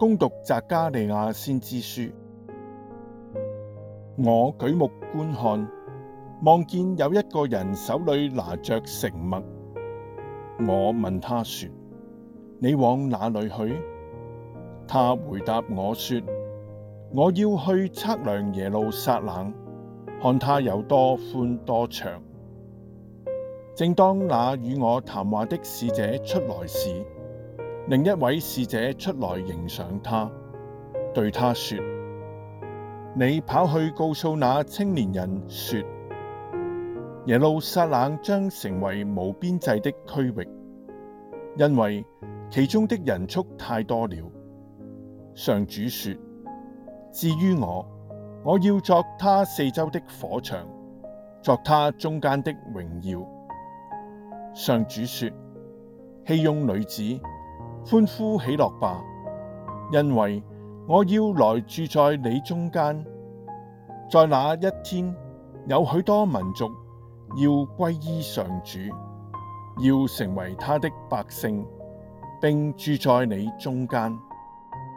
恭讀《匝加利亞先知書》，我舉目觀看，望見有一個人手裏拿着繩墨。我問他說：你往哪裏去？他回答我說：我要去測量耶路撒冷，看他有多寬多長。正當那與我談話的使者出來時，另一位使者出來迎上他，對他說：你跑去告訴那青年人說，耶路撒冷將成為無邊際的區域，因為其中的人畜太多了。上主說：至於我，我要作他四周的火牆，作他中間的榮耀。上主說：熙雍女子，歡呼喜樂吧，因為我要來住在你中間。在那一天，有許多民族要歸依上主，要成為他的百姓，並住在你中間。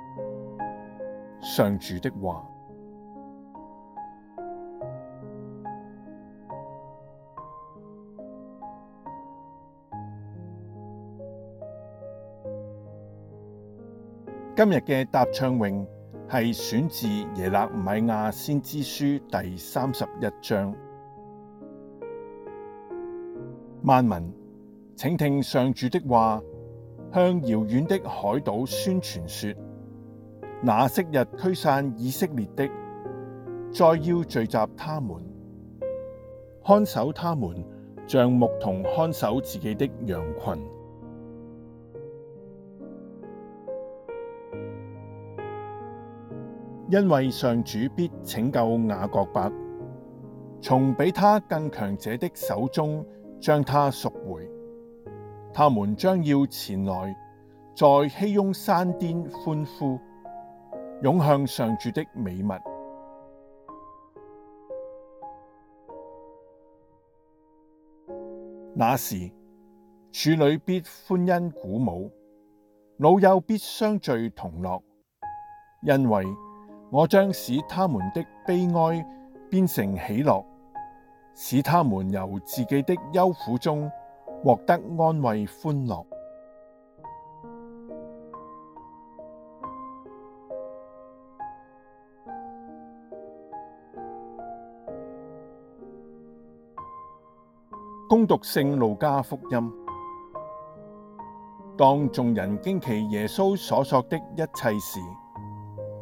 —上主的話。今日嘅答唱詠，係選自耶肋米亞先知書第三十一章。萬民，請聽上主的話，向遙遠的海島宣傳說：那昔日驅散以色列的，再要聚集他們，看守他們，像牧童看守自己的羊群。因為上主必拯救雅各伯，從比他更強者的手中將他贖回。他們將要前來，在熙雍山巔歡呼，湧向上主的美物。那時，處女必歡欣鼓舞，老幼必相聚同樂，因為，我將使他們的悲哀變成喜樂，使他們由自己的憂苦中獲得安慰歡樂。恭讀聖路加福音，當眾人驚奇耶穌所說的一切時。